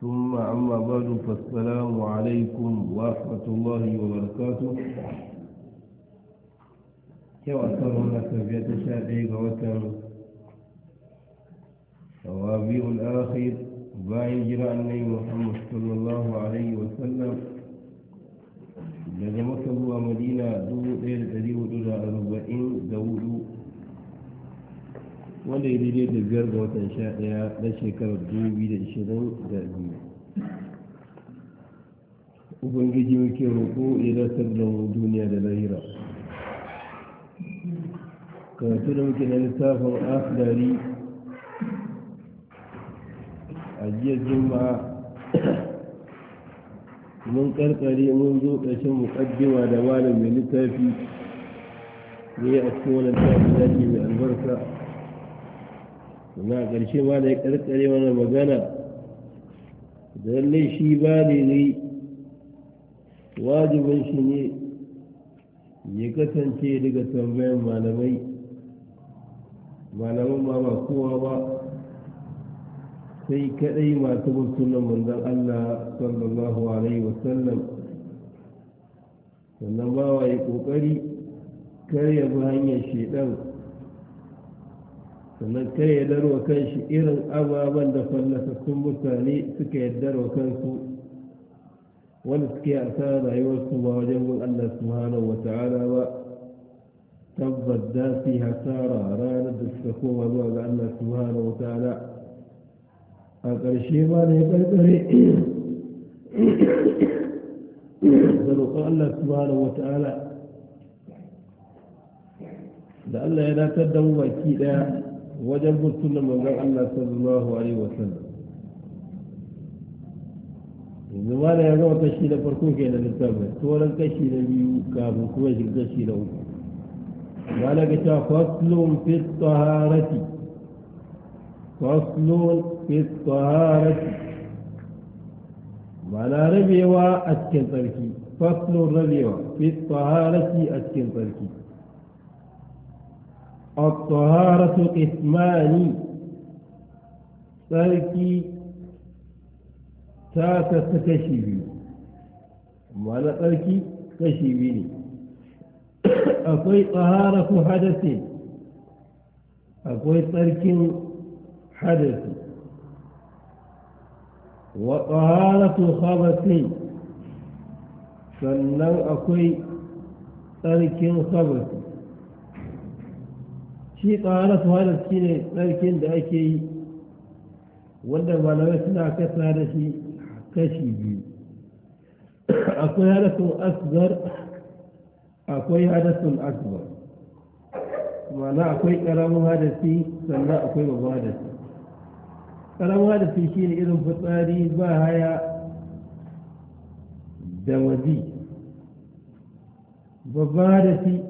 ثم أما بعد فالسلام عليكم ورحمة الله وبركاته yau a tsaron na tafiya ta sha ɗaya ga watan rabi'ul akhir bayan jira annabi muhammad sallallahu alaihi wa daga maka zuwa madina dubu ɗaya da ɗari hudu da arba'in da hudu wanda ya daidai da biyar ga watan sha daya na shekarar dubu da ishirin da biyu ubangiji muke roƙo ya dasar da mu duniya da lahira karatu da muke na lissafin afdari a jiya juma'a mun karkare mun zo ƙarshen muƙaddima da malam mai littafi ne a cikin wani tafi zaki mai albarka amma a ƙarshe ma da ya ƙarƙare mana magana da shi ba ne wajibin shi ne ya kasance daga tambayan malamai malaman ma ba kowa ba sai kaɗai masu bin sunan Allah sallallahu alaihi wasallam sannan wa ya ƙoƙari kar ya bi hanyar shaidan sannan kar ya darwa shi irin ababen da sun mutane suka yaddarwa kansu wanda suke asara rayuwarsu ba wajen gun Allah subhanahu wa ta'ala ba tabbas za su yi hasara ranar da suka koma zuwa ga Allah subhanahu wa ta'ala a ƙarshe ba ne ƙarƙare da roƙon Allah subhanahu wa ta'ala da Allah ya dakar da mu baki ɗaya wajen bin sunan manzon Allah sallallahu alaihi wa sallam yanzu ma da ya gama kashi na farko ke na littafin sauran kashi na biyu kafin kuma shi kashi na uku ma na ga faslun fi tsaharati faslun fi taharati ma na rabewa a cikin tsarki faslun rabewa fi taharati a cikin tsarki الطهارة قسمان tsarki ta kasu kashi biyu ma'ana tsarki kashi biyu ne akwai tsahara ku hadasi akwai tsarkin hadasi wa tsahara ku habasi sannan akwai tsarkin habasi shi tsara tuharar shi ne tsarkin da ake yi wanda malamai suna kasa da shi kashi biyu akwai hadasun asgar akwai hadasun asgar mana akwai karamin hadasi sannan akwai babban hadasi karamin hadasi shi ne irin fitsari ba haya da wazi babban hadasi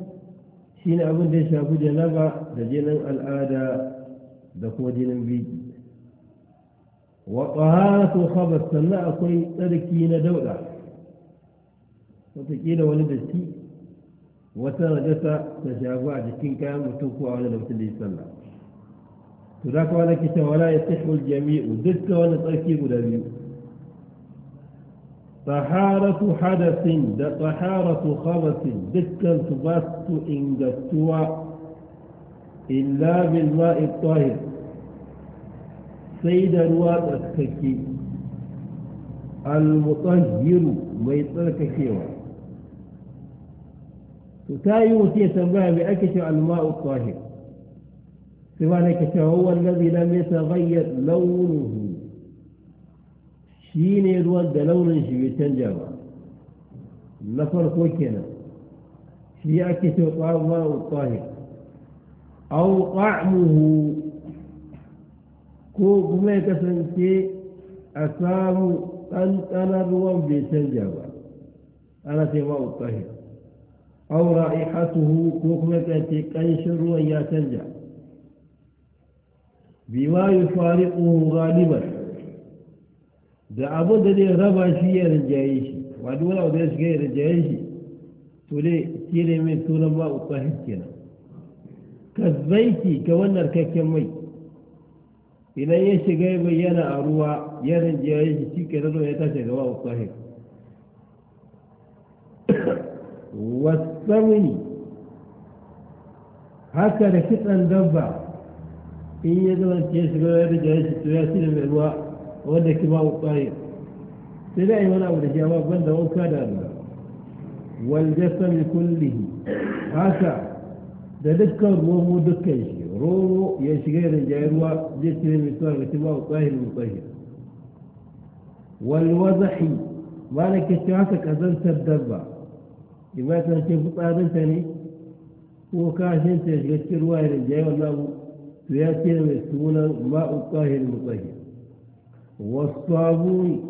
ne abin da ya shafi janaba da jinin al'ada da kuma jinin biki wa taharatu khabas sannan akwai tsarki na dauda wataƙila wani da shi wata najasa ta shafi a jikin kayan mutum ko a wani da mutum da ya sallah to da kuma nake cewa wala yasihu wani jamiu duk da wani tsarki guda biyu طهارة حدث ده طهارة خبث دكا تبات إن قدتوا إلا بالماء الطاهر سيد الواد أتككي المطهر ما يطلق كيوا تتاي وتي تنبه بأكش الماء الطاهر سواء هو الذي لم يتغير لونه shi ne ruwan da launin shi bai canja ba na farko kenan shi ake ce a ƙwahir au ƙwa'muhu ko kuma ya kasance a samu ɗanɗanar ruwan bai canja ba ana ce ma'u ƙwahir au ra'ihatuhu ko kuma ya kasance ƙanshin ruwan ya canja bima yufariquhu ghaliban da abin da zai raba shi ya rinjaye shi ba duk wani abu da shiga ya rinjaye shi to dai shi ne mai sunan ba uku kenan ka zaiki ka wannan kakken mai idan ya shiga ya bayyana a ruwa ya rinjaye shi shi ke rarraba ya tashi gaba uku wasamini haka da kitsan dabba in ya zama ya shiga ya rinjaye shi to ya shi da mai ruwa wanda ke ba kwaye sai da yi wani abu da shi amma banda wanka da Allah wal jasami kullihi haka da dukkan romo dukkan shi romo ya shiga da jayi ruwa zai cire mai tsawon rikin ba tsahir mu tsahir wal wazahi ba na ke haka kazantar dabba ibatan ce fitsarinta ne ko kashin ta shiga cikin ruwa ya rinjaye wannan abu to ya cire mai sunan ma'u tsahir mu tsahir والصابون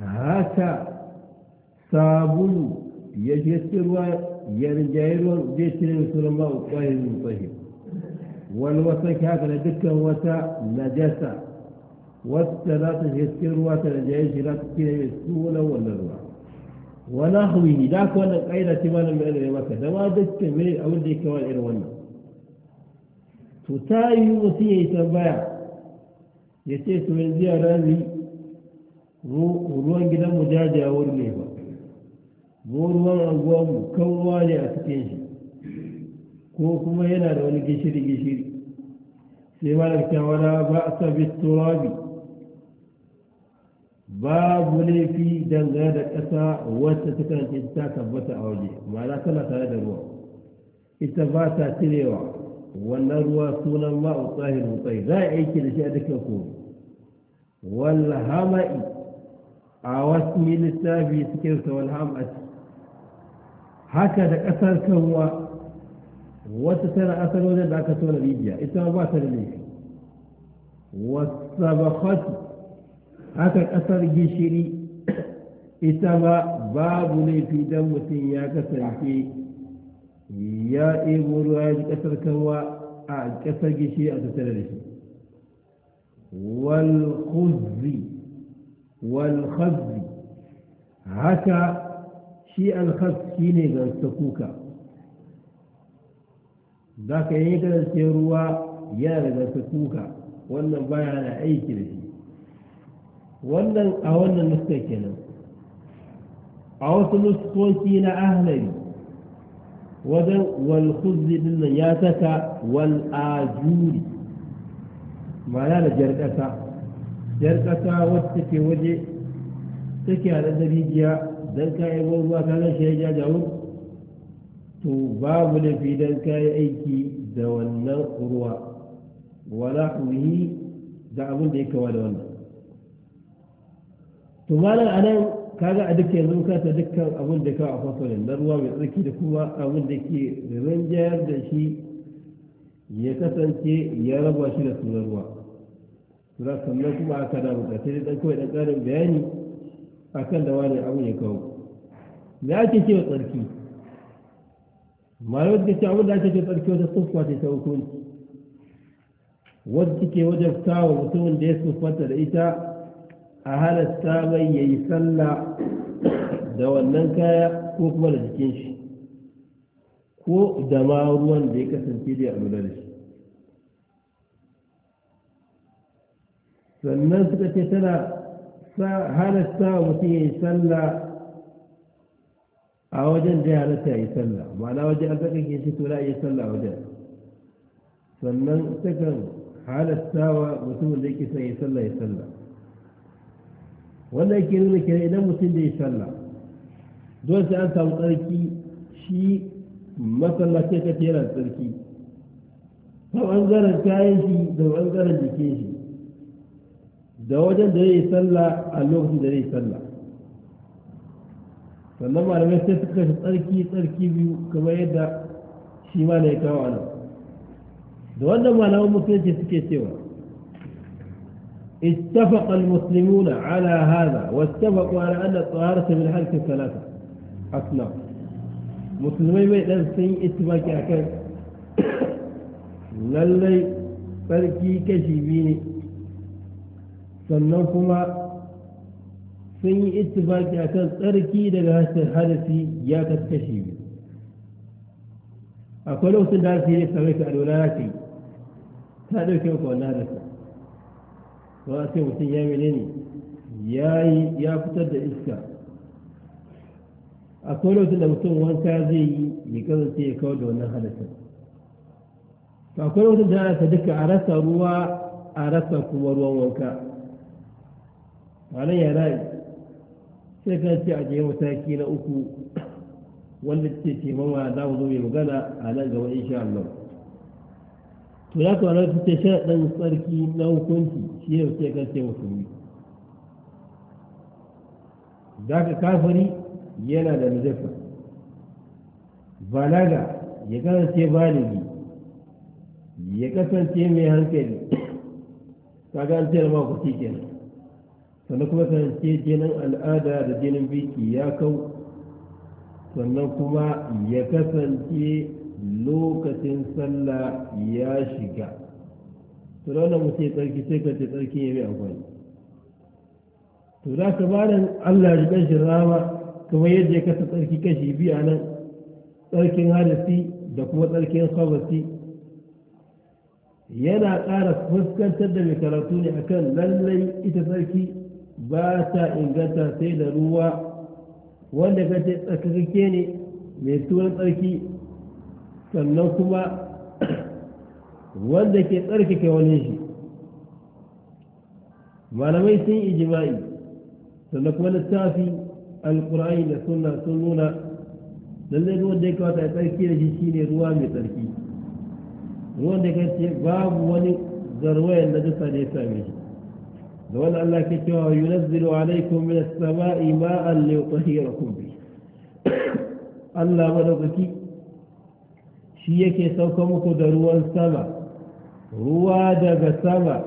هاتا صابون يجسر ويرجعر ويجسر رسول الله الطاهر المطهر والوسك هذا لدك وتا نجسا والثلاثة يسر وتنجعر لا تكيل يسكولا ولا الرعب ونحوه ذاك وانا قايلة تمانا من أدري مكة دما دكا من أول ديك وانا إروانا تتايو مسيح تنبايا ya ce su mai ziya rami ruwan gidanmu jajawar ne ba mu ruwan mu kanwa ne a cikin shi ko kuma yana da wani gishiri-gishiri sai da kyawara ba a sabi turabi babu laifi dangane da ƙasa wacce ta kanta ta tabbata a waje ma'ana tana tare da ruwa ita ba ta cirewa wannan ruwa sunan ma'u tsahir mutsai za a aiki da shi a dukkan komai wal hama'i a wasu littafi suke sa wal hama'ati haka da ƙasar kanwa wasu tana asalolin da aka tona rijiya ita ba ta da laifi wasu haka ƙasar gishiri ita ba babu laifi don mutum ya kasance ya ɗebo ruwa ya ji ƙasar kawa a ƙasar gishi a tattare da shi walhuzzi walhazzi haka shi alhaz shi ne gansa kuka za ka yi gansa ruwa yana daga gansa kuka wannan baya na aiki da shi wannan a wannan nuskar kenan a wasu nuskoki na ahlari wajen walhuzi dinnan ya saka wal'ajuri ma'ana da jar ƙasa jar ƙasa wacce ke waje take a da dan don kayan ruwa ta nan shi ya jawo to babu laifi don kayan aiki da wannan ruwa wala kuhi da abin da ya kawa da wannan to malam anan kaga a duka yanzu ta dukkan abin da ka a fasalin na ruwa mai tsarki da kuma abin da ke rinjayar da shi ya kasance ya raba shi da sunan ruwa sura sannan kuma aka na bukatar da ɗan kawai ɗan ƙarin bayani a kan da wani abin ya kawo me ake cewa tsarki malamai da ce abin da ake cewa tsarki wata tsufa ce ta hukunci wadda take wajen kawo mutumin da ya tsufanta da ita a halatta mai ya yi sallah da wannan kaya ko kuma da jikin shi ko da ma ruwan da ya kasance da ya da shi sannan suka ce tana halatta wa mutum ya yi sallah a wajen da ya halatta ya yi sallah ma'ana wajen an saka ke shi tura ya yi sallah wajen sannan sukan halatta wa mutumin da yake son ya yi sallah ya sallah wannan yake nuna kenan idan mutum da ya salla don sai an samu tsarki shi masallaci ta yana tsarki ta ɓangaren kayan shi da ɓangaren jikin shi da wajen da ya salla a lokacin da ya salla sannan malamai sai suka shi tsarki tsarki biyu kamar yadda shi ma na ya kawo ana da wannan mutum ce suke cewa اتفق المسلمون على هذا واتفقوا على أن الطهارة من حرث ثلاثة أصناف musulmai mai ɗan sun yi itifaki a kan lallai sarki kashi biyu ne sannan kuma sun yi itifaki a kan tsarki daga hasar hadasi ya kashi biyu akwai lokacin da su yi kamar ka alwala ya ce ta ɗauke ka wannan hadasa ko a ce mutum ya mene ne ya yi ya fitar da iska a lokacin da mutum wanka zai yi ya kasance ya kawar da wannan halittar to akwai lokacin da ana duka a rasa ruwa a rasa kuma ruwan wanka a nan ya sai ka ce a jiye mataki na uku wanda ce ce mawa za mu zo mai magana a nan gaba insha Allah to ya kawo na fice sharaɗin tsarki na hukunci yau kan ce za zaka kafiri yana da najafa balaga ya kasance balibi ya kasance mai hankali kaga an ce ma kuci kenan sannan kuma kasance jinin al'ada da jinin biki ya kau sannan kuma ya kasance lokacin sallah ya shiga to da wannan mutum ya tsarki sai ka ce tsarkin ya yi amfani to za ka ba da allah ya ɗan shirama kamar yadda ya kasa tsarki kashi biya nan tsarkin hadasi da kuma tsarkin habasi yana ƙara fuskantar da mai karatu ne akan lallai ita tsarki ba ta inganta sai da ruwa wanda ka ce tsarkakake ne mai tuwon tsarki sannan kuma wanda ke tsarkake wani shi malamai sun yi jima'i, sannan kuma littafi alkur'ani da suna sun nuna lallai ruwan da ya kawata ya tsarki da shi shine ruwa mai tsarki ruwan da ya babu wani zarwayan da jisa da ya same shi da wani Allah ke cewa yunazzilu alaikum min as-sama'i ma'an li yutahhirakum bi Allah madaukaki shi yake sauka muku da ruwan sama ruwa daga sama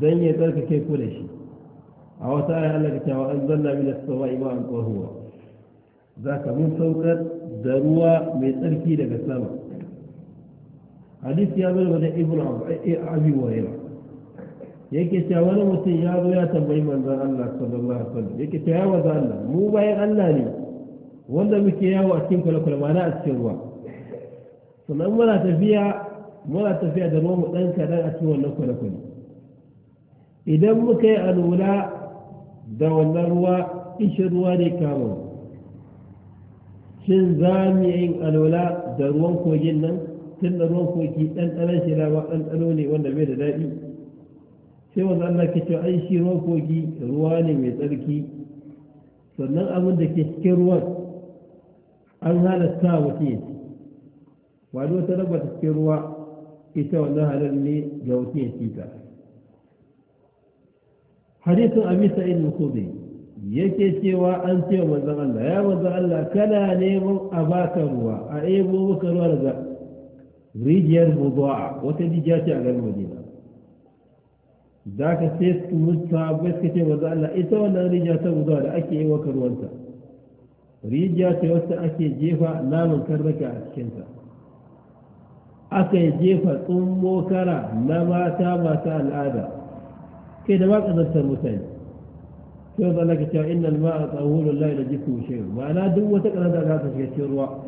don ya tsarkake ku da shi a wata ayi Allah ta cewa an zanna min as-sama ima'an tahura zaka mun saukar da ruwa mai tsarki daga sama hadisi ya zo da ibnu abi wa'ila yake cewa wani mutum ya zo ya tambayi manzon Allah sallallahu alaihi wasallam yake cewa ya manzon Allah mu bayan Allah ne wanda muke yawo a cikin kwale-kwale ma na a cikin ruwa sannan muna tafiya muna tafiya da nomu ɗan kaɗan a cikin wannan kwale-kwale idan muka yi alula da wannan ruwa ishe ruwa ne kamun shin za mu yin alula da ruwan kogin nan tun da ruwan kogi ɗanɗanon shi na ɗanɗano ne wanda bai da daɗi sai wanda Allah ke cewa an shi ruwan kogi ruwa ne mai tsarki sannan abin da ke cikin ruwan an halatta mutum ya wani wata rabata cikin ruwa ita wannan halar ne ga mutum ya ci ta hadisin abi sa'id al-khudri yake cewa an ce manzon Allah ya manzon Allah kana neman a baka ruwa a ebo maka ruwa daga rijiyar buzuwa wata rijiya ce a garin Madina za ka ce su musta ba su ce manzon Allah ita wannan rijiya ta buzuwa da ake yi wa ruwanta rijiya ce wacce ake jefa naman karraka a cikinta aka yi jefa tsummo kara na mata masu al'ada kai da ba ƙazantar mutane sai zan laka cewa inda ma a tsawon lai da jikin shi ma'ana duk wata ƙazantar za ta shiga cikin ruwa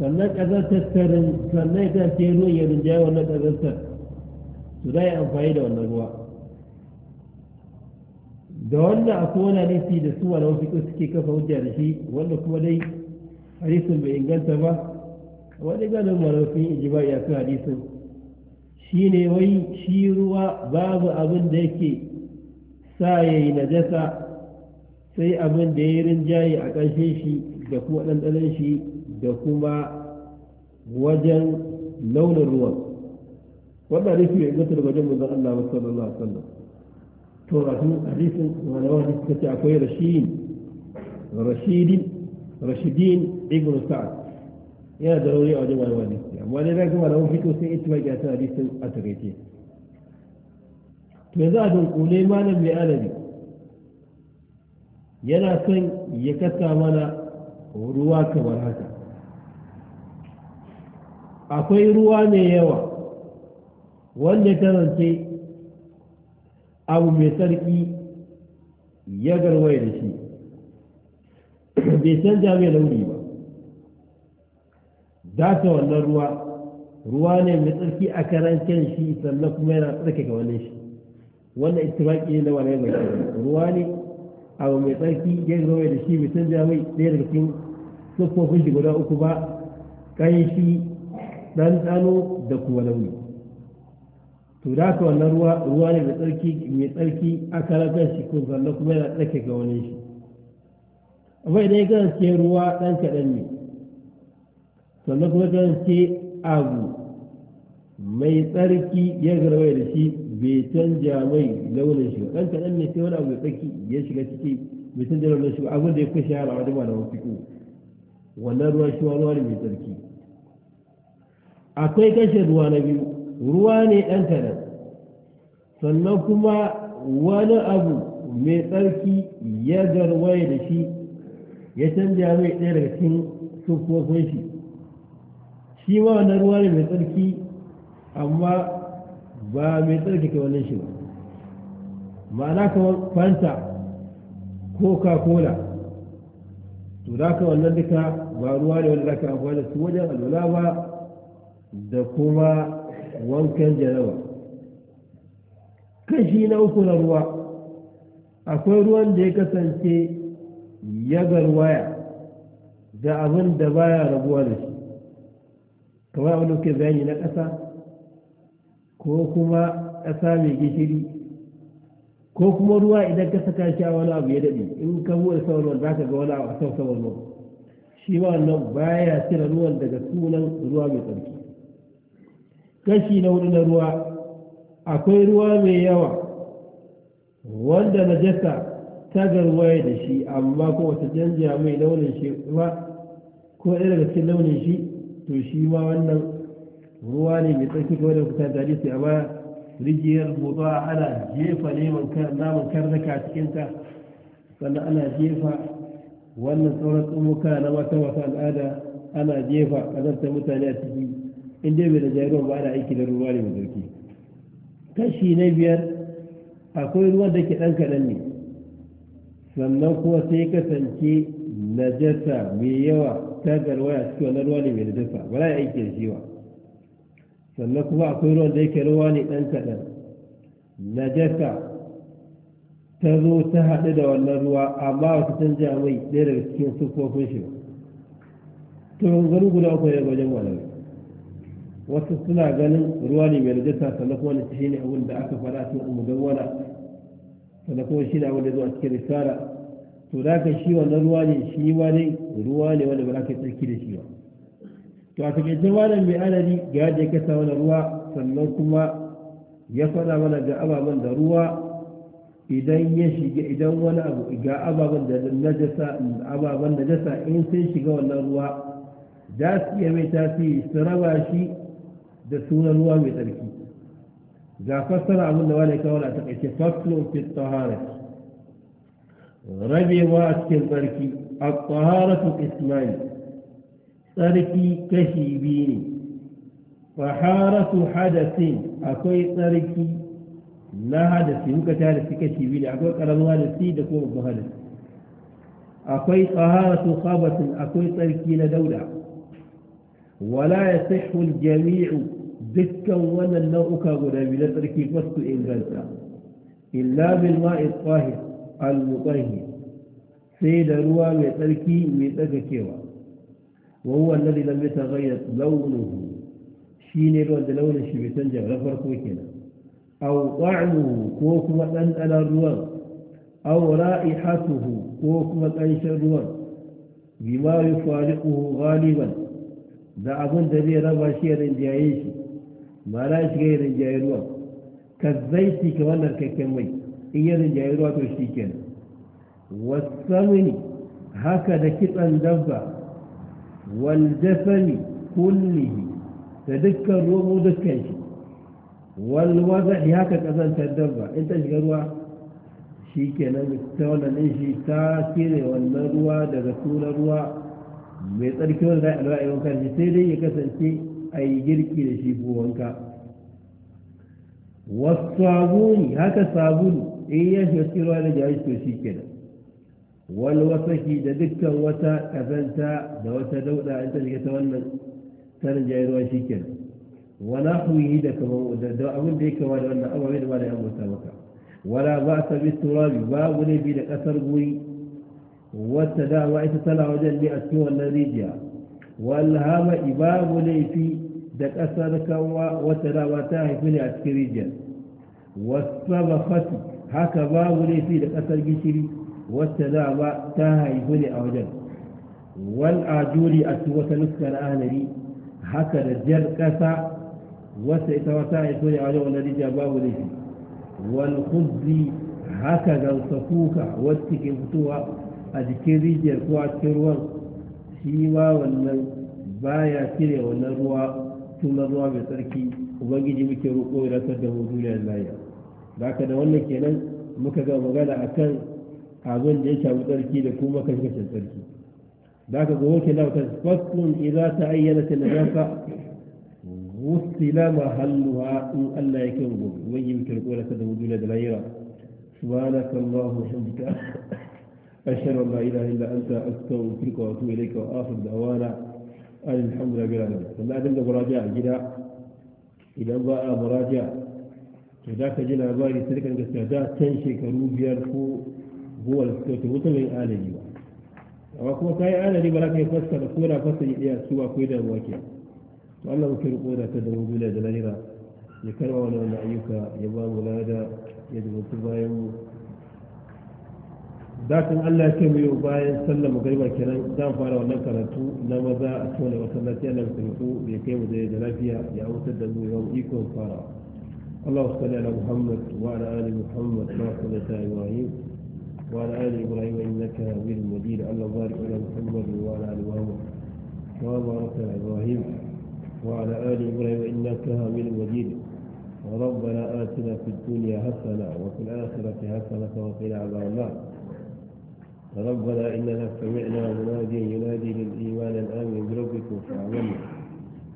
sannan ƙazantar tarin sannan ta ce ruwan ya rinjaye wannan ƙazantar su da amfani da wannan ruwa da wannan akwai wani nufi da su wani wasu suke kafa hujja da shi wanda kuma dai harisun bai inganta ba sun marafin ijimai a kan hadisun shi ne wai shi ruwa babu abin da yake sa ya yi najasa sai abin da ya yi rinjaye a ƙarshe shi da kuma ɗanɗanen shi da kuma wajen launin ruwan wannan rufi ya ingantar wajen manzon Allah wa sallallahu alaihi wasallam to rasul hadisin wani wani kace akwai rashidin rashidin rashidin ibn sa'ad yana da rauni a wajen malaman hadisi amma dai zaka malaman fito ita ittifaqi akan hadisin a takaice to yanzu a dunkule malam mai alabi yana son ya kasa mana ruwa kamar haka akwai ruwa mai yawa wanda ta zance abu mai sarki ya garwaye da shi bai san jami'a da wuri ba dasa wannan ruwa ruwa ne mai tsarki a karancin shi sannan kuma yana tsarkake wannan shi wannan ittifaqi ne na wani mai tsarki ruwa ne abu mai tsarki ya zama da shi mai canja mai ɗaya daga cikin siffofin shi guda uku ba ƙanshi ɗanɗano da kuma launi to da haka wannan ruwa ruwa ne mai tsarki mai tsarki a karan shi kun sannan kuma yana tsarkake wani shi amma idan ya kasance ruwa ɗan kaɗan ne sannan kuma ce abu mai tsarki ya garwaye da shi bai canja mai launin shi ɗan kaɗan ne sai wani abu mai tsarki ya shiga ciki bai canja launin shi abin da ya fi shahara da malaman fiko wannan ruwa shi wani wani mai tsarki akwai kashe ruwa na biyu ruwa ne ɗan kaɗan sannan kuma wani abu mai tsarki ya garwaye da shi ya canja mai ɗaya daga cikin sufofin shi shi ma wannan ruwa ne mai tsarki amma ba mai tsarki ka wannan shi ba ma'ana kamar fanta coca cola to za ka wannan duka ba ruwa ne wanda za ka amfani da su wajen alwala ba da kuma wankan jaraba kashi na uku na ruwa akwai ruwan da ya kasance ya garwaya da abin da baya rabuwa da shi kamar abin da kuke bayani na ƙasa ko kuma ƙasa mai gishiri ko kuma ruwa idan ka saka shi a wani abu ya daɗe in ka buɗe ruwan za ka ga wani abu a sau ruwan shi ma wannan baya cire ruwan daga sunan ruwa mai tsarki kashi na hudu na ruwa akwai ruwa mai yawa wanda najasa ta garwaye da shi amma ko wata canja mai launin shi ba ko ɗaya daga cikin launin shi to shi ma wannan ruwa ne mai tsarki kawai da kusa da hadisi a baya rijiyar motsa ana jefa neman naman karnaka cikinta sannan ana jefa wannan sauran tsumuka na mata wata al'ada ana jefa zartar mutane a ciki in dai bai da jariran ba ana aiki da ruwa ne mai tsarki kashi na biyar akwai ruwan da ke ɗan kaɗan ne sannan kuma sai kasance najasa mai yawa tagar waya suke wannan ruwa ne mai najasa ba ya aiki da jiwa sannan kuma akwai ruwan da yake ruwa ne ɗan kaɗan na jasa ta zo ta haɗu da wannan ruwa amma wata canja mai ɗaya daga cikin sufofin shi ba to ganin guda uku ne wajen malamai wasu suna ganin ruwa ne mai najasa sannan kuma shi ne abin da aka faɗa cikin umudan wala sannan kuma shi ne abin da zuwa cikin risala to da ka shi wannan ruwa ne shi ne ruwa ne wanda ba za ka tsarki da shi ba to a takaicin wannan mai adadi ga yadda ya kasa wani ruwa sannan kuma ya faɗa mana ga ababen da ruwa idan ya shiga idan wani abu ga ababen da najasa ababen najasa in sun shiga wannan ruwa za su iya mai tasiri su raba shi da sunan ruwa mai tsarki ga fassara abin da wani kawai a takaice faslun fit taharar ربي واسكن تركي الطهارة الإسلامية تركي كشي طهارة فحارة حدث أكوي تركي لا حدث يمكن تعرف كشي بيني أقول أنا ما نسي دكوم بهذا أكوي طهارة خابة أكوي تركي لدولة ولا يصح الجميع دكا ولا النوء كابولا بلا تركي فسكو إنجلترا إلا بالماء الطاهر al-mutahhir sai da ruwa mai tsarki mai tsagakewa wa huwa alladhi lam yataghayyar launuhu shine ruwan da launin shi bai canja ba farko kenan aw ta'muhu ko kuma ɗanɗanon ruwan aw ra'ihatuhu ko kuma ƙanshin ruwan bima yufariquhu ghaliban da abin da zai raba shi ya rinjaye shi ma'ana shi ga rinjaye ruwan ka zaiti ka wannan kakken mai in ya rinjaye to shi kenan wasamini haka da kitsan dabba wal jasami kullihi da dukkan romo dukkan shi wal wazadi haka kazantar dabba in ta shiga ruwa shi kenan ta wannan shi ta cire wannan ruwa daga sunan ruwa mai tsarki wanda za a ɗaura yawan sai dai ya kasance a yi girki da shi ko wanka wasu sabuni haka sabulu إيه يسيروا على جايس يسيكنا والوسكي ددك وسا كفنسا دوسا دوسا أنت اللي كتوانا كان جايروا يسيكنا ونحوه دك ودو أقول ديك وانا أبا من وانا أبا سوكا ولا بأس بالتراب باولي بيدك أثر بوي وتدا وعيسى صلى وجل بأسوى النريجيا والهام إباب ليفي دك أثر كوا وتدا وتاهي فيني أسكريجيا والصبخة haka babu laifi da ƙasar gishiri wacce za ba ta haihu ne a wajen wal ajuri a su wata nuskar anari haka da jar ƙasa wacce ita wata haihu ne a wajen wani rijiya babu laifi wal khubzi haka sakuka wacce ke fitowa a jikin rijiyar ko a cikin ruwan shi ma wannan baya cire wannan ruwa tun na ruwa mai tsarki ubangiji muke roƙo ya rasar da mu duniya lafiya da aka da wannan kenan muka ga magana a kan abin da ya shafi tsarki da kuma kashe tsarki da ka gowa ke lauta fasun idza ta ayyana ta najasa hannu ha in Allah ya kin gobe wani yin kirko da da na da layira subhanaka allahumma hamdika ashhadu an la ilaha illa anta astaghfiruka wa atubu ilayka wa akhir da'wana alhamdulillahi rabbil alamin sannan da a gida idan ba a muraja'a da za ka ji labari sai ka gaskiya da can shekaru biyar ko gowar suka ta wuta mai ba amma kuma ka yi alaji ba za ka yi da ko fasta yi iya su akwai damuwa ke to Allah muke riko da ta damu duniya da lalira ya karba wani wani ayyuka ya ba mu lada ya zubutu bayan mu datin Allah ya mu yau bayan sallar garba kenan za mu fara wannan karatu na maza a cikin wani masallaci Allah ya muke riko ya kai mu da lafiya ya wutar da mu ya ikon fara. اللهم صل على محمد وعلى آل محمد كما صليت على إبراهيم وعلى آل إبراهيم إنك حميد مجيد اللهم بارك على محمد وعلى آل محمد كما باركت على إبراهيم وعلى آل إبراهيم إنك حميد مجيد ربنا آتنا في الدنيا حسنة وفي الآخرة حسنة وقنا عذاب الله ربنا إننا سمعنا مناديا ينادي للإيمان الآمن بربكم فاعلمنا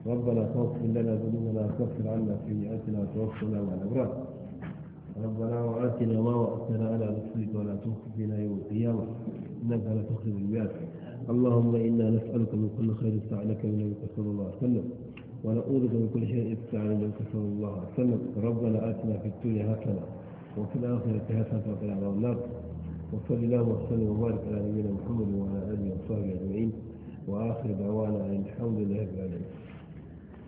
ربنا توفر لنا ذنوبنا وكفر عنا سيئاتنا وتوفنا مع الابرار ربنا واتنا ما وأتنا على رسلك ولا تخزنا يوم القيامه انك لا تخلف الميعاد اللهم انا نسالك من كل خير استعنك من نبيك صلى الله عليه وسلم ونعوذ بك من كل شيء استعان من نبيك صلى الله عليه وسلم ربنا اتنا في الدنيا هكذا وفي الاخره هكذا وقنا عذاب النار وصلى الله وسلم وبارك على نبينا محمد وعلى اله وصحبه اجمعين واخر دعوانا ان الحمد لله رب العالمين